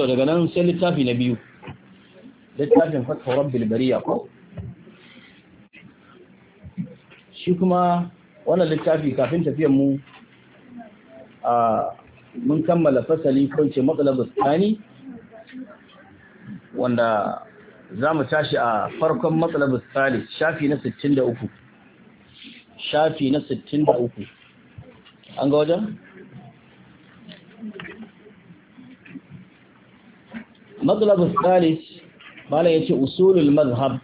to daga nan sai littafi na biyu littafin fatwa rabbil bariya ko shi kuma wannan littafi kafin tafiyan mu a mun kammala fasali ko ce matsalabus tsani wanda za mu tashi a farkon matsalabus tsali shafi na 63 shafi na 63 an ga wajen? maglab thalith malam yace usulul mazhab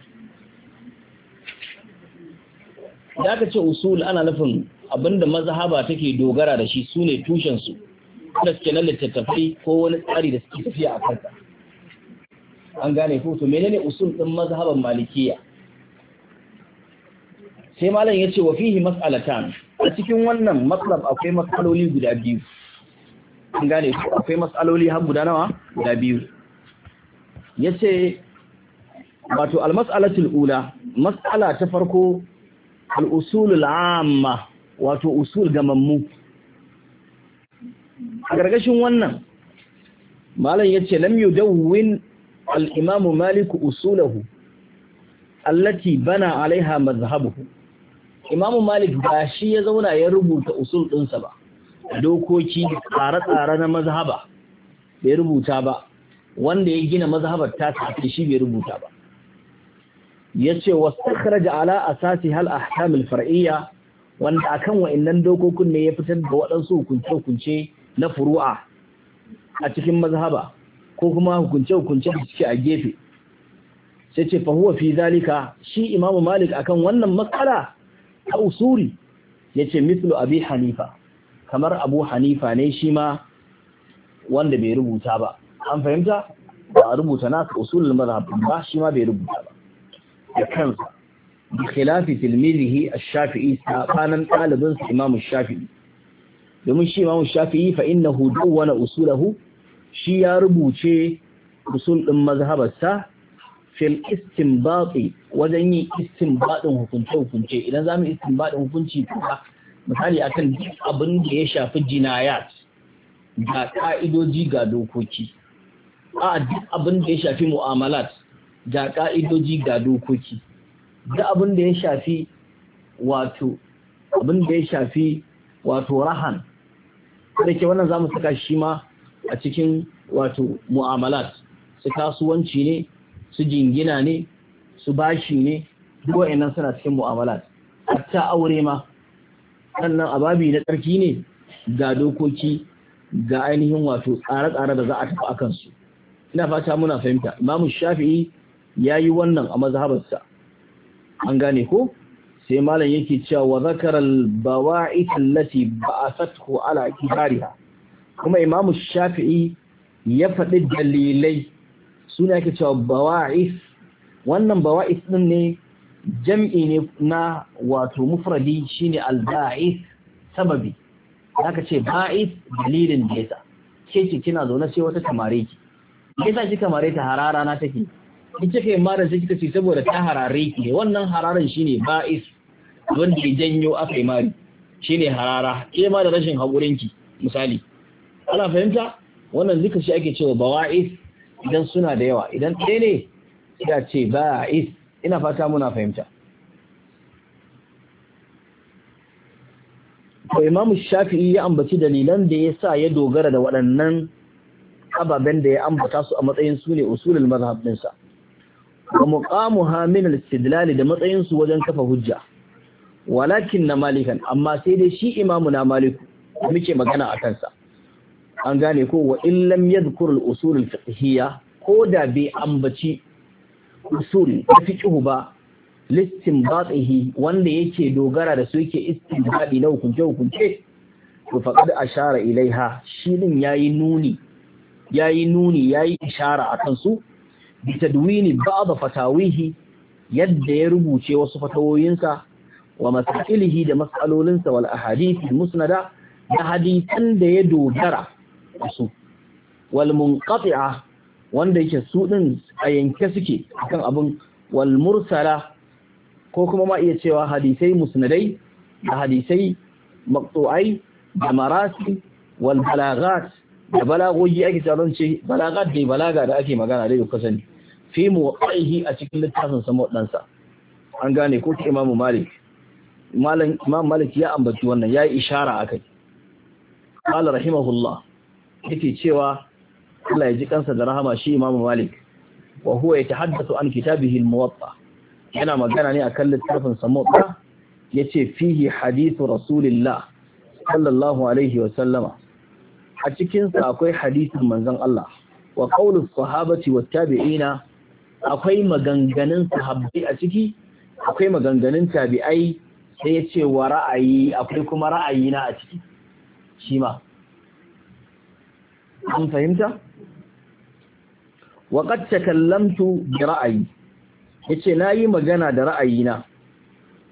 da aka ce usul ana nufin abinda mazhaba take dogara da shi sune tushen su da suke nan littattafai ko wani tsari da suke tafiya a kansa an gane ko to menene usul din mazhaban malikiya sai malam yace wa fihi mas'alatan a cikin wannan matlab akwai mas'aloli guda biyu an gane ko akwai mas'aloli har guda nawa guda biyu yace wato almas'alatul ula mas'ala ta farko al amma wato usul gamammu a gargashin wannan malam yace lam yudawwin al'imam malik usulahu allati bana alaiha mazhabuhu imam malik ba shi ya zauna ya rubuta usul ɗinsa ba dokoki tsare-tsare na mazhaba bai rubuta ba wanda ya gina mazhabar ta sai shi bai rubuta ba yace wastakhraja ala asasi hal ahkam al far'iyya wanda akan wayannan dokokin ne ya fitar da waɗansu hukunce-hukunce na furu'a a cikin mazhaba ko kuma hukunce-hukunce da suke a gefe sai ce fa huwa fi zalika shi Imam malik akan wannan matsala ta usuri yace mithlu abi hanifa kamar abu hanifa ne shi ma wanda bai rubuta ba an fahimta ba a rubuta nasa usulul mazhab ba shi ma bai rubuta ba da kansa bi khilafi tilmizihi ash-shafi'i sabanan talibin sa imam ash-shafi'i domin shi imam ash-shafi'i fa innahu duwana usulahu shi ya rubuce usul din mazhabarsa fil istinbati wajen yin istinbadin hukunce hukunce idan zamu istinbadin hukunci kuma misali akan duk abin da ya shafi jinayat ga ka'idoji ga dokoki a duk abin da ya shafi mu'amalat ga ka'idoji ga dokoki duk abin da ya shafi wato abin da ya shafi wato rahan da ke wannan zamu saka shi ma a cikin wato mu'amalat su kasuwanci ne su jingina ne su bashi ne duk wa'annan suna cikin mu'amalat hatta aure ma sannan ababi na tsarki ne ga dokoki ga ainihin wato tsare-tsare da za a tafi akan su ina fata muna fahimta imam shafi'i ya yi wannan a mazhabarsa an gane ko sai malam yake cewa wa zakaral bawa'it allati ba'athathu ala kibariha kuma imam shafi'i ya faɗi dalilai suna yake cewa bawa'is wannan bawa'is din ne jam'i ne na wato mufradi shine al-ba'ith sababi zaka ce ba'is dalilin da yasa ke ce kina zaune sai wata tamare ki ya sa shi kamar ta harara na take in ce kai mara sai kika ci saboda ta harare ki ne wannan hararan shine ba'is wanda ya janyo akai mari shine harara ke ma da rashin hakurin ki misali ana fahimta wannan zika shi ake cewa bawa'is idan suna da yawa idan ɗaya ne ya ce ba'is ina fata muna fahimta to imamu shafi'i ya ambaci dalilan da ya sa ya dogara da waɗannan ababen da ya ambata su a matsayin su ne usulul mazhab dinsa wa muqamuha min al-istidlal da matsayin su wajen kafa hujja walakin na malikan amma sai dai shi imamu na maliku muke magana a kansa an gane ko wa in lam yadhkur al-usul al-fiqhiyya ko da bai ambaci usul fiqhu ba Listin listinbatihi wanda yake dogara da su yake istinbadi na hukunce hukunce to faqad ashara ilaiha shi din yayi nuni yayi nuni yayi ishara a akan su bi tadwini ba'd fatawihi yadda ya rubuce wasu fatawoyinsa wa masailihi da mas'alolinsa wal ahadith musnada da hadisan da ya dogara su wal munqati'a wanda yake su din a yanke suke akan abin wal mursala ko kuma ma iya cewa hadisai musnadai da hadisai maqtu'ai da marasi wal balaghat da balagogi ake tsaron ce balaga dai balaga da ake magana dai ku sani fi mu a cikin littafin sa an gane ko imamu malik imam malik ya ambaci wannan ya yi ishara akai qala rahimahullah yake cewa Allah ya ji kansa da rahama shi imamu malik wa huwa haddasa an kitabihi al-muwatta yana magana ne akan littafin sa Ya ce fihi hadithu rasulillah sallallahu alaihi wa sallama a cikinsa akwai hadisin manzon Allah wa qaulus sahabati wa tabi'ina akwai maganganun sahabbai a ciki akwai maganganun tabi'ai sai ya ce wa ra'ayi akwai kuma ra'ayina a ciki shi ma an fahimta wa qad takallamtu bi ra'ayi yace nayi magana da ra'ayina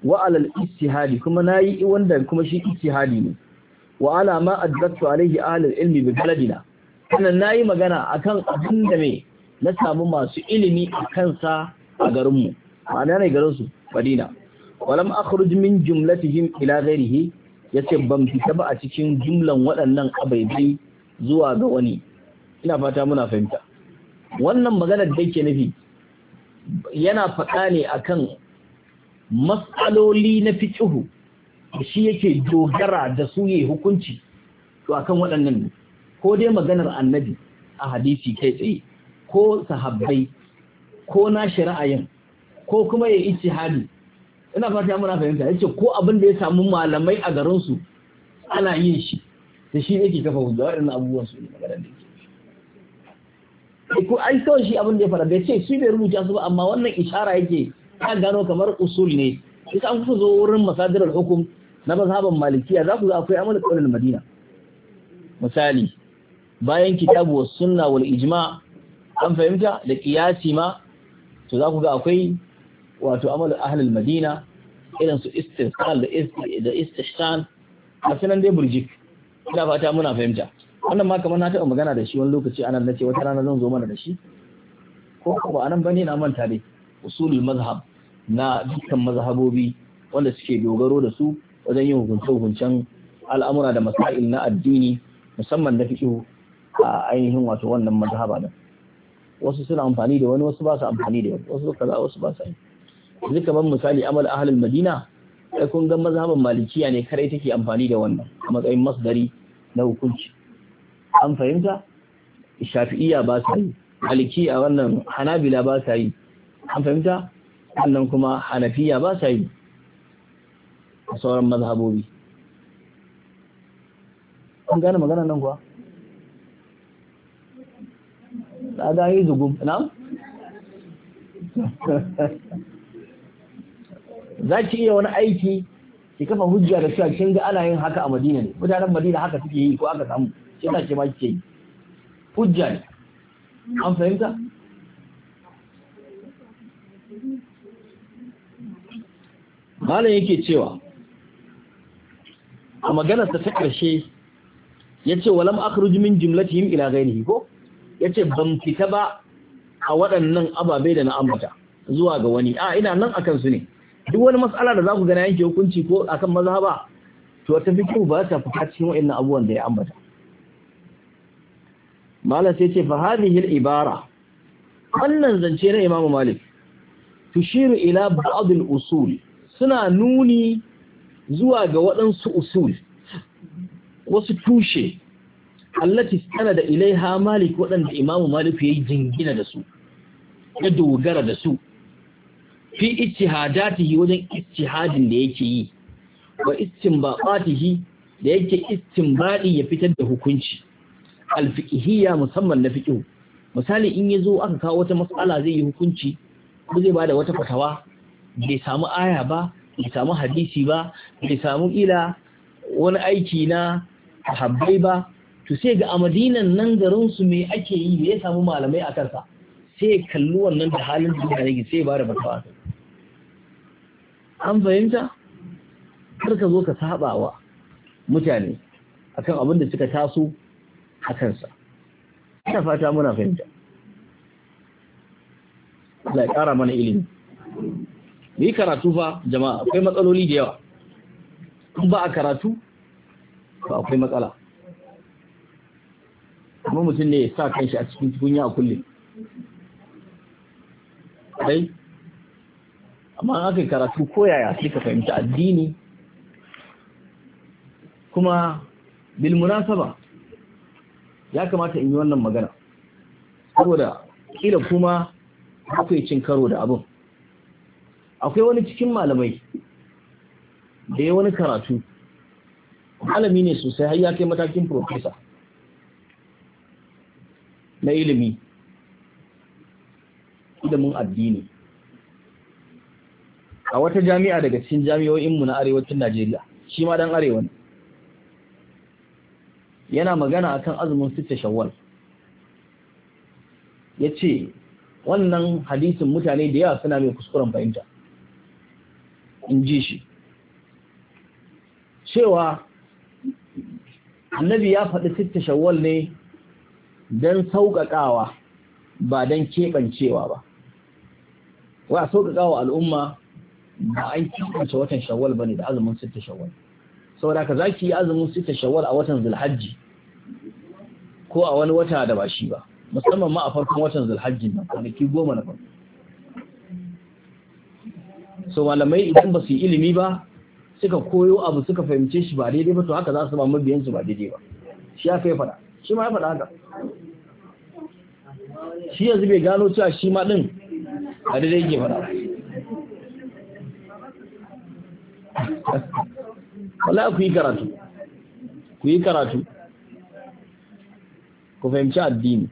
wa alal ijtihadi kuma nayi wanda kuma shi istihadi ne wa ala ma addatu alaihi ahlul ilmi bi baladina sannan nayi magana akan abin da me na samu masu ilimi a kansa a garinmu ma'ana ne garin su Madina walam akhruj min jumlatihim ila ghairihi yace ban fita ba a cikin jumlan waɗannan abaibai zuwa ga wani ina fata muna fahimta wannan maganar da yake nufi yana faɗa ne akan matsaloli na fiqhu da shi yake dogara da su yi hukunci to akan waɗannan ko dai maganar annabi a hadisi kai tsaye ko sahabbai ko na shari'ayin ko kuma ya hali. ina fata muna fahimta ya ce ko abin da ya samu malamai a garin su ana yin shi da shi yake kafa hujja waɗannan abubuwan su ne maganar da yake eh, ko ai kawai shi abin da ya fara da ce su bai rubuta su ba amma wannan ishara yake ta gano kamar usul ne sai an kusa zo wurin masadirar hukum na mazhaban malikiya za ku ga akwai amal qaulul madina misali bayan kitabu was sunna wal ijma an fahimta da kiyasi ma to za ku ga akwai wato amal ahlul madina irin su da da istihsan a sanan dai burjik ina fata muna fahimta wannan ma kamar na taɓa magana da shi wani lokaci anan nace wata rana zan zo mana da shi ko ba anan bane na manta dai usulul mazhab na dukkan mazhabobi wanda suke dogaro da su wajen yin hukunce-hukuncen al'amura da masail na addini musamman na fiƙihu a ainihin wato wannan mazhaba da wasu suna amfani da wani wasu ba su amfani da wasu kaza wasu ba su yi yanzu kamar misali amal ahlul madina sai kun ga mazhaban malikiya ne kare take amfani da wannan a matsayin masdari na hukunci an fahimta shafi'iyya ba sa yi malikiya wannan hanabila ba sa yi an fahimta wannan kuma hanafiya ba sa yi A sauran mazhabobi an gane magana nan kuwa ta ga yi zugum na? za ki iya wani aiki ki kafa hujja da cewa kin ga ana yin haka a Madina ne mutanen Madina haka suke yi ko aka samu shi ta ce ma kike yi hujja ne an fahimta malam yake cewa a maganarsa ta ƙarshe ya ce walam akhruj min ila ghairihi ko ya ce ban fita ba a waɗannan ababe da na ambata zuwa ga wani a ina nan a kansu ne duk wani matsala da za ku gana yanke hukunci ko akan ba, to ta fikiru ba ta fita cikin waɗannan abubuwan da ya ambata malam sai ce fa ibara wannan zance na Imam Malik tushiru ila baadul usul suna nuni zuwa ga waɗansu usul wasu tushe allati sana da ilaiha malik waɗanda imamu malik ya yi jingina da su ya dogara da su fi ijtihadatihi wajen ijtihadin da yake yi wa istinbatihi da yake istinbadi ya fitar da hukunci alfiqhiyya musamman na fiqh misali in yazo aka kawo wata mas'ala zai yi hukunci ko zai bada wata fatawa bai samu aya ba bai samu hadisi ba bai samu ila wani aiki na sahabbai ba to sai ga a madinan nan garinsu su me ake yi me ya samu malamai a kansa sai kalli wannan da halin da yake sai ba da fatawa an fahimta kar ka zo ka sabawa mutane akan abin da suka taso a kansa ina fata muna fahimta Allah ya ƙara mana ilimi mu yi karatu fa jama'a akwai matsaloli da yawa in ba a karatu to akwai matsala kuma mutum ne ya sa kanshi a cikin tukunya a kullum dai amma an aka yi karatu koyaya sai ka fahimta addini kuma bilmunasaba ya kamata in yi wannan magana saboda kila kuma akwai cin karo da abin akwai wani cikin malamai da ya wani karatu malami ne sosai har ya kai matakin profesa na ilimi ilimin addini a wata jami'a daga cikin jami'o'inmu na arewacin Najeriya shi ma dan arewa ne yana magana akan azumin sita shawwal Ya ce wannan hadisin mutane da yawa suna mai kuskuren fahimta in ji shi cewa annabi ya faɗi sitta shawwal ne don sauƙaƙawa ba don keɓancewa ba wa sauƙaƙawa al'umma ba an keɓance watan shawwal ba ne da azumin sitta shawwal saboda ka za ki yi azumin sitta shawwal a watan zulhajji ko a wani wata da ba shi ba musamman ma a farkon watan zulhajji na kwanaki goma na farko so malamai idan ba su yi ilimi ba suka koyo abu suka fahimce shi ba daidai ba to haka za su ba biyan su ba daidai ba shi ya yi fada shi ma ya fada haka shi yanzu bai gano cewa shi ma din a daidai yake fada wala ku yi karatu ku yi karatu ku fahimci addini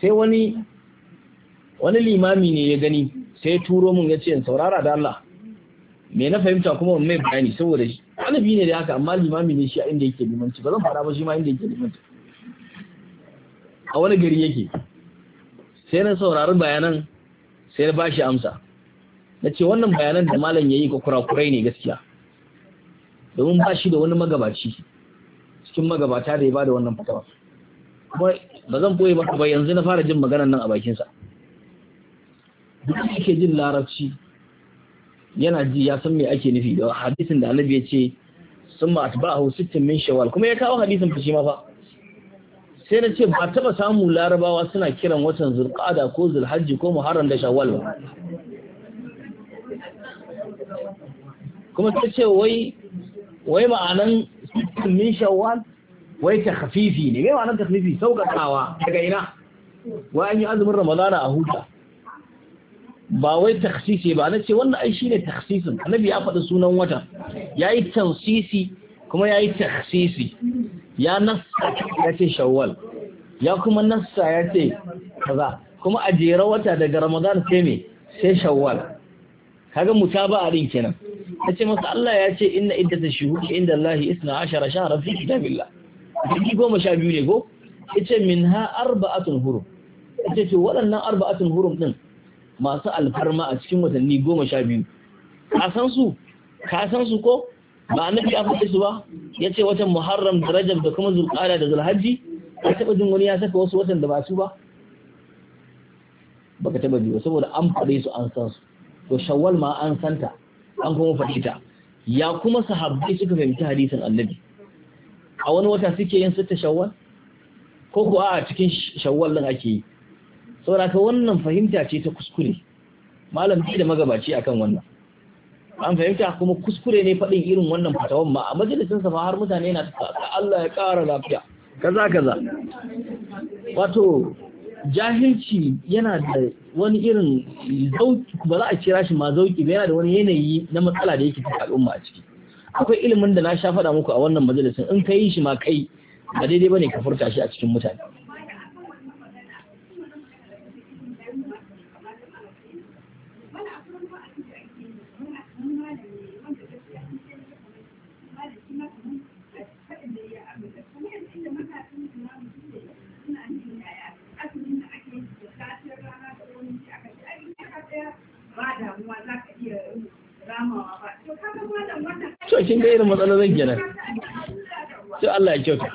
sai wani wani limami ne ya gani sai turo mun ya ce saurara da Allah me na fahimta kuma mai bayani saboda shi Alibi ne da haka amma limami ne shi a inda yake limanci ba zan fara ba shi ma inda yake limanci a wani gari yake sai na saurari bayanan sai na bashi amsa na ce wannan bayanan da malam ya yi ga kurakurai ne gaskiya domin ba shi da wani magabaci cikin magabata da ya bada wannan fatawa kuma ba zan boye maka ba yanzu na fara jin maganan nan a bakinsa duk yake jin larabci yana ji ya san me ake nufi da hadisin da annabi ya ce ma atba'ahu sittin min shawal kuma ya kawo hadisin fa ma fa sai na ce ba taba samu larabawa suna kiran watan zulqa'ada ko zulhajji ko muharram da shawwal ba kuma ta ce wai wai ma'anan sittin min shawal wai ta khafifi ne me ma'anan sauka saukakawa daga ina wai an yi azumin ramadana a huta ba wai taksisi ba na ce wannan ai shine taksisin annabi ya faɗi sunan wata yayi tausisi kuma yayi taksisi ya nassa ya ce shawwal ya kuma nassa ya ce kaza kuma a jera wata daga ramadan sai me sai shawwal kaga a din kenan ce masa Allah ya ce inna shi. shuhuri inda Allah 12 shahran fi kitabillah kiki goma sha biyu ne go yace minha arba'atul hurum yace to waɗannan arba'atul hurum din masu alfarma a cikin watanni goma sha biyu ka san su ka san su ko ba annabi ya faɗi su ba ya ce watan muharram da rajab da kuma zulƙada da zulhajji ka taɓa jin wani ya saka wasu watan da ba su ba baka taɓa ji ba saboda an faɗe su an san su to shawwal ma an santa an kuma faɗi ta ya kuma sahabbai suka fahimci hadisin annabi a wani wata suke yin sitta shawwal ko kuwa a cikin shawwal ɗin ake yi saboda ka wannan fahimta ce ta kuskure malam bai da magabaci akan wannan an fahimta kuma kuskure ne faɗin irin wannan fatawan ma a majalisin sa har mutane na ta Allah ya ƙara lafiya kaza kaza wato jahilci yana da wani irin zauki ba za a kira shi ma zauki ba yana da wani yanayi na matsala da yake cikin al'umma a ciki akwai ilimin da na sha faɗa muku a wannan majalisin in ka yi shi ma kai ba daidai bane ka furta shi a cikin mutane zai gina sai Allah ya kyauta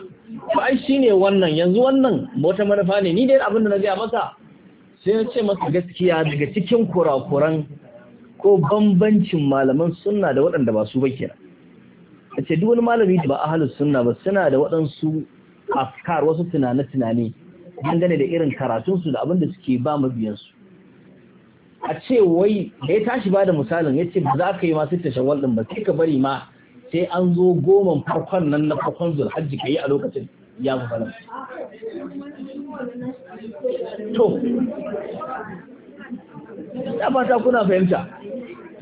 ba ai ne wannan yanzu wannan wata manufa ne ni dai abinda na gaya masa sai na ce masa gaskiya daga cikin kurakuran ko bambancin malaman sunna da waɗanda ba su ba kenan a ce duk malami da ba a halin sunna ba suna da waɗansu afkar wasu tunane-tunane dangane da irin karatunsu da abinda da suke ba mabiyansu a ce wai da ya tashi ba da misalin ya ce ba za ka yi masu tashawal ɗin ba sai ka bari ma sai an zo goma farkon nan na farkon hajji ka yi a lokacin ya fi fara. to ya fata kuna fahimta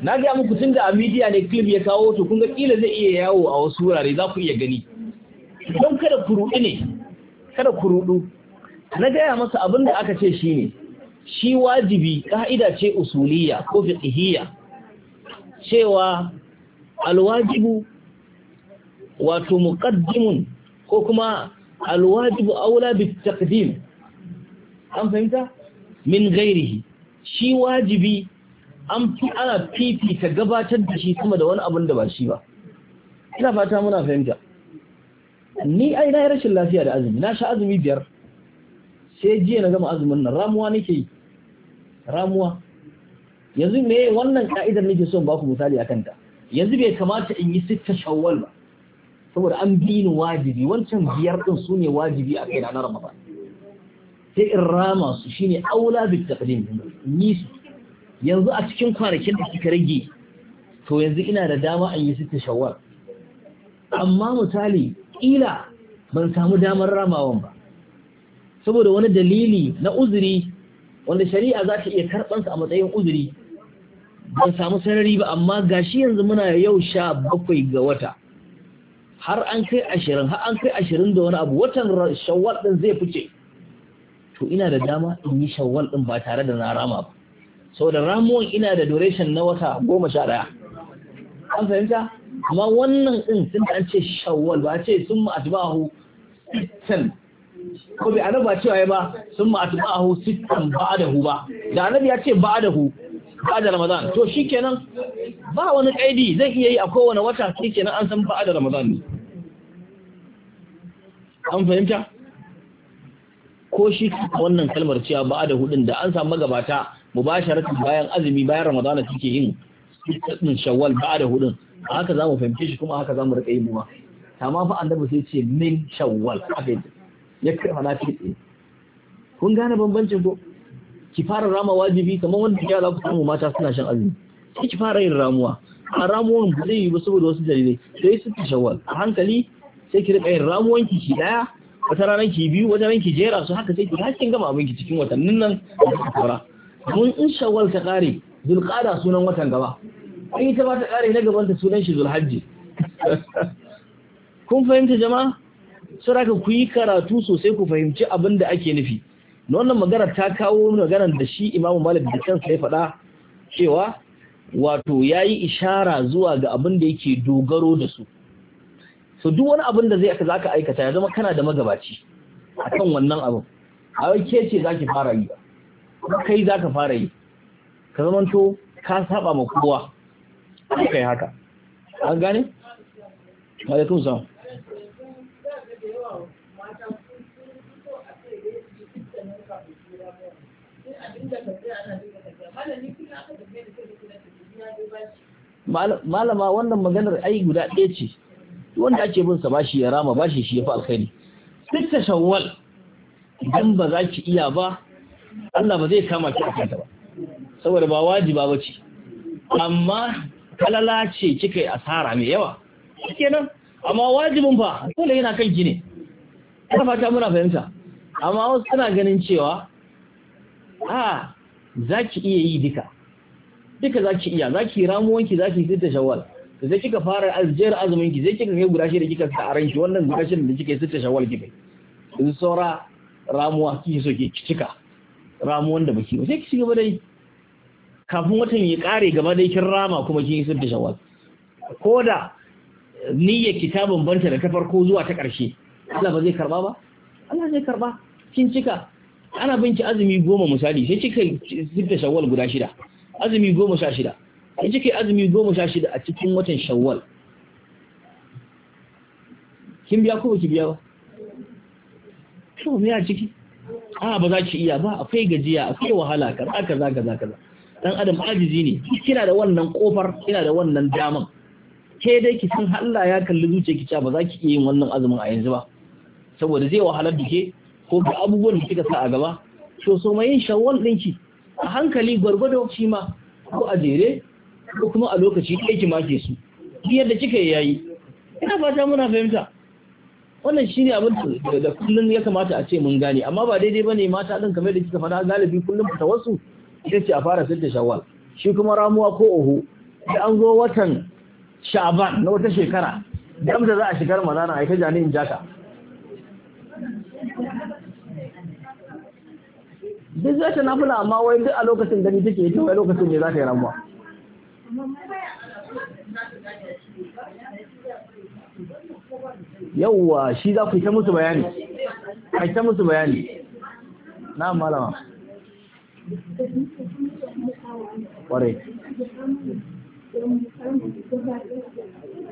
na gaya muku tun da a midiya ne clip ya kawo to kun ga kila zai iya yawo a wasu wurare za ku iya gani don kada ku ruɗu ne kada ku ruɗu na gaya masa abin da aka ce shi ne shi wajibi ka'ida ce usuliya ko fiqhiyya cewa alwajibu wato muqaddimun ko kuma alwajibu aula bitaqdim an fahimta min ghairihi shi wajibi an fi ana fifita gabatar da shi sama da wani abin da ba shi ba ina fata muna fahimta ni ai na rashin lafiya da azumi na sha azumi biyar sai jiya na gama azumin nan ramuwa nake yi ramuwa yanzu me wannan ka'idar nake son baku misali akan ta yanzu bai kamata in yi sitta shawwal ba saboda an bi ni wajibi wancan biyar din su ne wajibi a kai na ramadan sai in rama su shine aula bi taqdim su yanzu a cikin kwanakin da suka rage to yanzu ina da dama an yi su tashawar. amma misali kila ban samu damar ramawan ba saboda wani dalili na uzuri wanda shari'a za ta iya karɓansa a matsayin uzuri ban samu sarari ba amma gashi yanzu muna yau sha bakwai ga wata har an kai ashirin har an kai ashirin da wani abu watan shawwal ɗin zai fice to ina da dama in yi shawwal ɗin ba tare da na rama ba saboda ramuwan ina da duration na wata goma sha ɗaya an fahimta amma wannan ɗin sun da an ce shawwal ba ce sun ma'atbahu ko bai anaba cewa ya ba sun ma sittan ba'adahu ba da annabi ya ce ba ba'adahu ba'ada ramadan to shikenan ba wani kaidi zai iya yi a kowane wata shikenan an san ba'ada ramadan ne an fahimta ko shi wannan kalmar cewa ba'ada hudun da an samu magabata mubasharatan bayan azumi bayan Ramadan suke yin din shawwal ba'ada hudun haka zamu fahimce shi kuma haka zamu rika yi mu ma amma fa annabi sai ce min shawwal haka ya kana cikin kun gane bambancin ko ki fara rama wajibi kamar wanda ya za ku samu mata suna shan azumi sai ki fara yin ramuwa a ramuwan ba zai yi ba saboda wasu dalilai sai su ta shawwal a hankali sai ki rika yin ramuwan ki ki daya wata rana ki biyu wata rana ki jera su haka sai ki haƙƙi gama abin ki cikin watannin nan da fara mun in shawwal ta kare zulqada sunan watan gaba in ita ba ta kare na gaban ta sunan shi zulhajji kun fahimta jama'a saboda ku yi karatu sosai ku fahimci abin da ake nufi na wannan magana ta kawo maganar da shi imamu malik da kansa ya faɗa cewa wato ya yi ishara zuwa ga abin da yake dogaro da su so duk wani abin da zai aka zaka aikata ya zama kana da magabaci kan wannan abin a ke ce zaki fara yi kai zaka fara yi ka zamanto ka saba ma kowa kai haka an gane alaikum salam malama wannan maganar ai guda ɗaya ce wanda ake bin sa bashi ya rama bashi shi ya fi alkhairi duk ta shawwal idan ba za ki iya ba Allah ba zai kama ki a ba saboda ba wajiba ba ce amma kalala ce kika yi asara mai yawa kenan amma wajibin fa dole yana kan ki ne ta fata muna fahimta amma wasu suna ganin cewa a za ki iya yi duka duka za ki iya za ki ramuwanki za ki sitta shawwal da zai kika fara aljiyar azumin ki kika kai guda shi da kika sa a ranki wannan guda shi da kika yi sitta shawwal kika in saura ramuwa kike so ki cika ramuwan da baki ba sai ki ci gaba dai kafin watan ya kare gaba dai kin rama kuma kin yi sitta shawwal ko da niyyar ki ta bambanta da ta farko zuwa ta ƙarshe Allah ba zai karba ba Allah zai karba kin cika ana binci azumi goma misali sai cika sifta shawwal guda shida azumi goma sha shida sai cika azumi goma sha shida a cikin watan shawwal kin biya ko ki biya ba to me a ciki a ba za ki iya ba akwai gajiya akwai wahala kaza kaza kaza kaza dan adam ajizi ne kina da wannan kofar kina da wannan daman ke dai ki san Allah ya kalli zuciyarki cewa ba za ki iya yin wannan azumin a yanzu ba saboda zai wahalar da ke ko ga abubuwan da kika sa a gaba to so mai yin shawwal ɗinki a hankali gwargwado shi ma ko a jere ko kuma a lokaci kai ki make su yadda kika yayi ina fata muna fahimta wannan shine abin da kullum ya kamata a ce mun gane amma ba daidai bane mata din kamar da kika faɗa galibi kullum ta wasu sai ki a fara sitta shawwal shi kuma ramuwa ko oho da an zo watan sha'ban na wata shekara da za a shigar manana aika jani in jaka duk za ta nafula amma wai duk a lokacin gani take ita wai lokacin ne za ta yi ramuwa yawwa shi za ku yi ta musu bayani a ta musu bayani na malama ƙwarai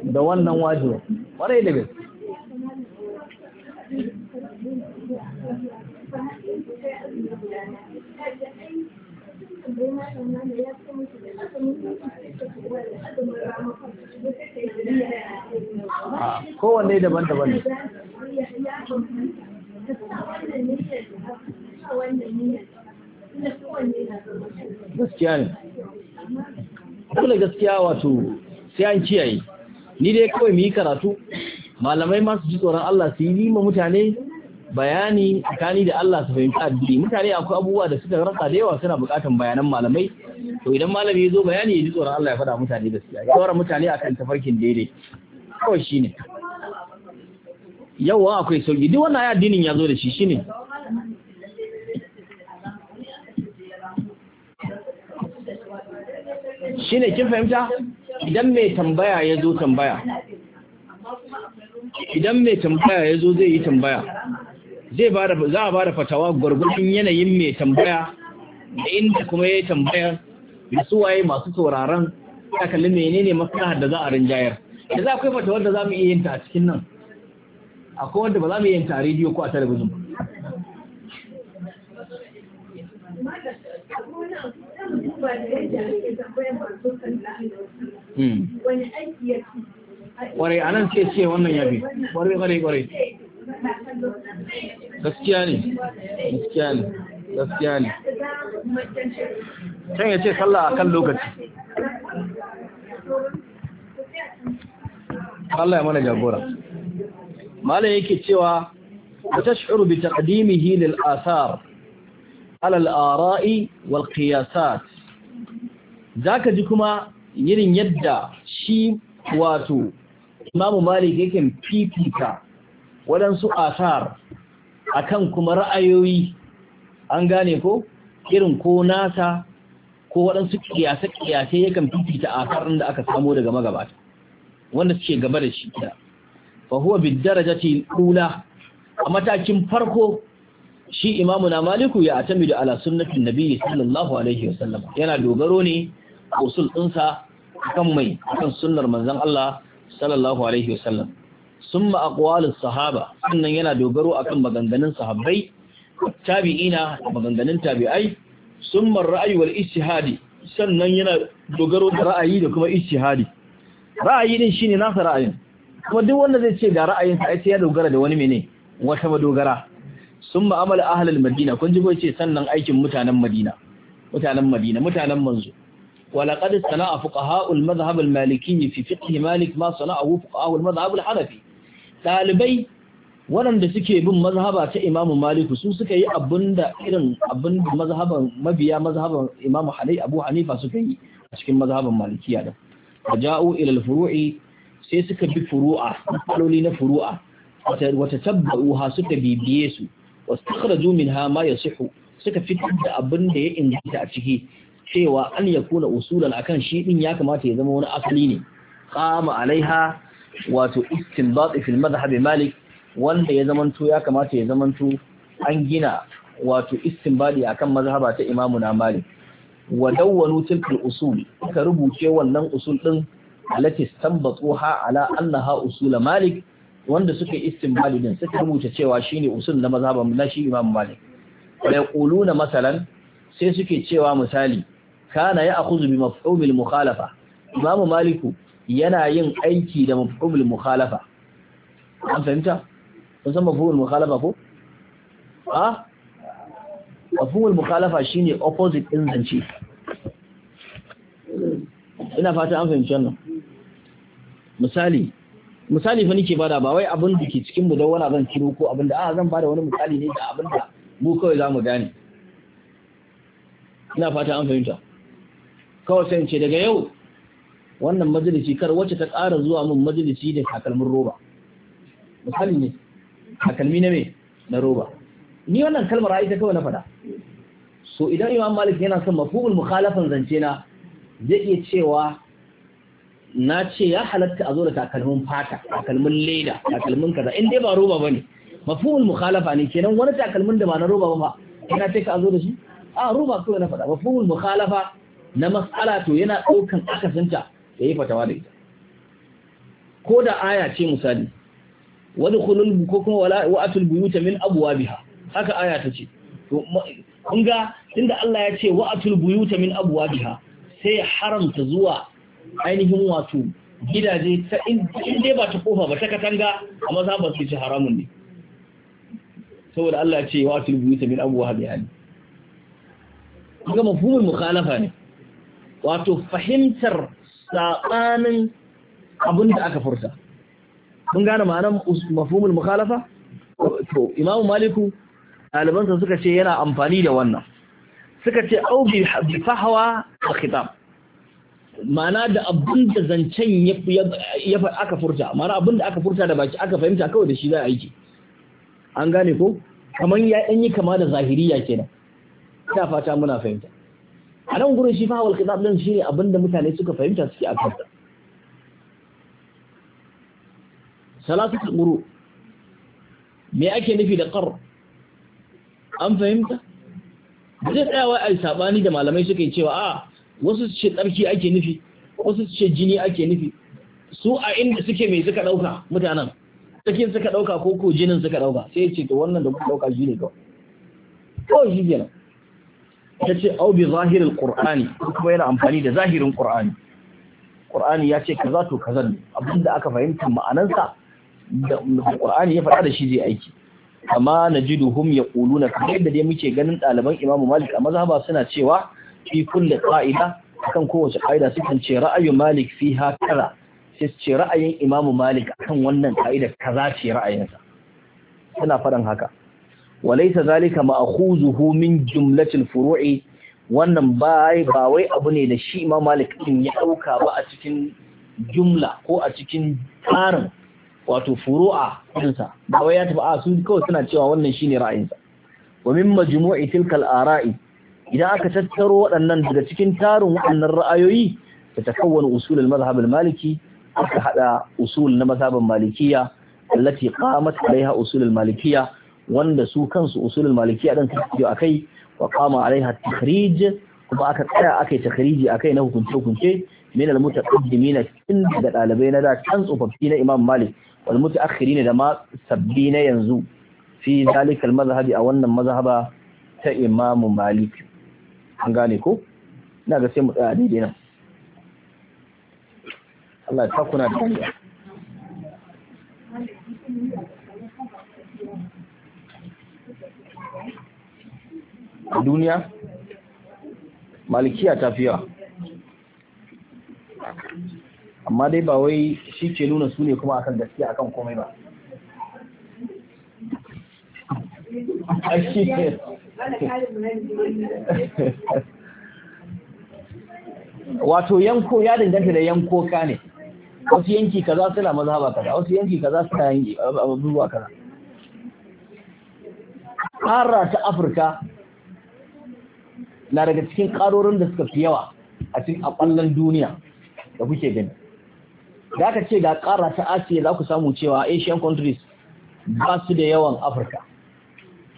da wannan wajen ƙwarai da gaske Ah, kowanne daban-daban gaskiya ne dole gaskiya wato sai an kiyaye ni dai kawai mu yi karatu malamai masu ji tsoron Allah su yi ma mutane bayani tsakani da Allah su fahimci addini mutane akwai abubuwa da suka rasa da yawa suna bukatan bayanan malamai to idan malami ya zo bayani ya ji tsoron Allah ya faɗa mutane gaskiya ya tsora mutane akan tafarkin daidai kawai shine yawa akwai sauki duk wannan addinin ya zo da shi shine shine kin fahimta idan mai tambaya ya zo tambaya idan mai tambaya ya zo zai yi tambaya zai za a ba da fatawa gwargwadon yanayin mai tambaya da inda kuma ya tambaya da suwaye masu sauraron ta kalli menene maslahar da za a rinjayar da za akwai fatawar da za mu iya yin ta a cikin nan akwai wanda ba za mu iya yin ta a rediyo ko a talabijin hmm. Kwarai, anan sai ce wannan yabi, kwarai, kwarai, kwarai. gaskiya ne gaskiya ya ce sallah a kan lokaci Allah ya mana jagora malin yake cewa ka tashuru bi asar ala al ara'i wal qiyasat zaka ji kuma yin yadda shi wato Imam Malik yake fifita wadansu asar akan kuma ra'ayoyi an gane ko irin ko nasa ko waɗansu kiyasa-kiyasa yakan fifita asarin da aka samo daga magabata wanda suke gaba da shi da fahuwa huwa ta ce ɗula a matakin farko shi imamu na maliku ya da ala sunnatin nabi sallallahu alaihi wasallam yana dogaro ne usul ɗinsa kan mai kan sunnar manzon Allah sallallahu alaihi wasallam summa aqwalus sahaba sannan yana dogaro a kan maganganun sahabbai tabi'ina maganganun tabi'ai summa ra'ayi wal ijtihadi sannan yana dogaro da ra'ayi da kuma ijtihadi ra'ayi din ne nasa ra'ayin kuma duk wanda zai ce ga ra'ayinsa ai sa ya dogara da wani mene wata madogara summa amala ahlul madina kun ji ko ce sannan aikin mutanen madina mutanen madina mutanen manzo ولقد صنع فقهاء المذهب المالكي في فقه مالك ما صنعه فقهاء المذهب الحنفي ɗalibai waɗanda suke bin mazhaba ta imamu maliku su suka yi abinda irin abinda mazhaban mabiya mazhaban imamu hanai abu hanifa suka yi a cikin mazhaban malikiya da ja'u ila furu'i sai suka bi furu'a kaloli na furu'a wata tabba'uha suka bibiye su wastakhraju minha ma yasihu suka fitar da abinda ya inganta a ciki cewa an yakuna usulan akan shi din ya kamata ya zama wani asali ne qama alaiha wato istinbat fil madhhab malik wanda ya zamanto ya kamata ya zamanto an gina wato istinbadi akan mazhaba ta imamu na malik wa dawwanu usul ka rubuce wannan usul din allati ha ala annaha usul malik wanda suka istinbadi din suka rubuta cewa shine usul na mazhaban na shi imamu malik wa yaquluna masalan sai suke cewa misali kana ya akhudhu bi maf'ul mukhalafa imamu maliku yana yin aiki da mafhumul mukhalafa an fahimta kun san mafhumul mukhalafa ko a mafhumul mukhalafa shine opposite din zance ina fata an fahimci wannan misali misali fa nake bada ba wai abin da ke cikin wani zan kiro ko abin da a zan bada wani misali ne da abin da mu kawai zamu gane ina fata an fahimta kawai sai ce daga yau wannan majalisi kar wacce ta ƙara zuwa mun majalisi da takalmin roba misali ne takalmi na me na roba ni wannan kalmar ai ta kawai na fada so idan imam malik yana son mafhumul mukhalafan zance na zai iya cewa na ce ya halatta a zo da takalmin fata takalmin leda takalmin kaza in dai ba roba bane mafhumul mukhalafa ne kenan wani takalmin da ba na roba ba kana ce ka a zo da shi a roba kawai na fada mafhumul mukhalafa na mas'ala to yana daukan akasinta ya yi fatawa da ita ko da aya ce misali wani kulul ko kuma wa'atul buyuta min abwabiha haka aya ta ce kun ga tunda Allah ya ce wa'atul buyuta min abwabiha sai haramta zuwa ainihin wato gidaje ta in dai ba ta kofa ba ta katanga amma za ba su ci haramun ne saboda Allah ya ce wa'atul buyuta min abwabiha ne kuma mafhumul mukhalafa ne wato fahimtar saɓanin abin da aka furta mun gane ma'anar mafhumul mukhalafa to imamu maliku ɗalibansa suka ce yana amfani da wannan suka ce au bi fahawa a khitab ma'ana da abin da zancen ya aka furta ma'ana abin da aka furta da baki aka fahimta kawai da shi za a yi an gane ko kamar ya yi kama da zahiriya kenan ina fata muna fahimta a nan gurin shi fa wal khitab din shine abinda mutane suka fahimta suke a kanta salatu quru me ake nufi da qar an fahimta zai tsaya wai ai sabani da malamai suka yi cewa a wasu su ce tsarki ake nufi wasu su ce jini ake nufi su a inda suke mai suka dauka mutanen cikin suka dauka ko ko jinin suka dauka sai ya ce to wannan da kuka dauka jini ne kawai kawai shi Ta ce au bi zahirin ƙur'ani kuma yana amfani da zahirin ƙur'ani ƙur'ani ya ce kaza to zan ne da aka fahimta ma'anansa da ƙur'ani ya faɗa da shi zai aiki amma na ji duhum ya ƙulu ƙuluna kamar yadda dai muke ganin ɗaliban imamu malik a mazhaba suna cewa fi kulle ƙa'ida akan kowace ƙa'ida sukan ce ra'ayin malik fi ha kaza sai su ce ra'ayin imamu malik akan wannan ƙa'idar kaza ce ra'ayinsa suna faɗin haka walaisa zalika ma'khuzuhu min jumlatil furu'i wannan ba ba wai abu ne da shi Imam Malik din ya dauka ba a cikin jumla ko a cikin tarin wato furu'a ɗinsa ba wai ya tafi a su kawai suna cewa wannan shine ra'ayinsa wa min majmu'i tilkal ara'i idan aka tattaro waɗannan daga cikin tarin waɗannan ra'ayoyi da takawwan usul al al-maliki aka hada usul na mazhabin malikiya التي قامت عليها أصول المالكية wanda su kansu usulul malikiya dan suka yi akai wa qama alaiha takhrij kuma aka tsaya aka takhriji akai na hukunce hukunce min al mutaqaddimin in da dalibai na da kan tsofaffi na Imam Malik wal mutaakhirin da ma sabbi na yanzu fi zalikal mazhabi a wannan mazhaba ta Imam Malik an gane ko ina ga sai mu tsaya daidai nan Allah ya takuna da a duniya malikiya ta fiya amma dai ba wai shi ke nuna su ne kuma akan gaskiya akan komai ba wato yanko ya danganta da yanko ka ne wasu yanki kaza suna mazhaba kaza wasu yanki kaza suna yanki abubuwa kaza ƙara ta afirka na daga cikin ƙarorin da suka fi yawa a cikin akwallon duniya da kuke gani da aka ce ga ƙara ta asiya za ku samu cewa asian countries ba su da yawan afirka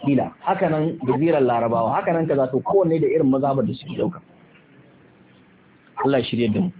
kila nan, jazirar larabawa hakanan ka za to kowanne da irin mazhabar da suke ɗauka. Allah shirye da mu